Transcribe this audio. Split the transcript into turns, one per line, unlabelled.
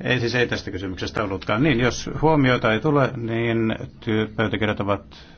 Ei
siis ei tästä kysymyksestä ollutkaan. Niin, jos huomiota ei tule, niin pöytäkirjat ovat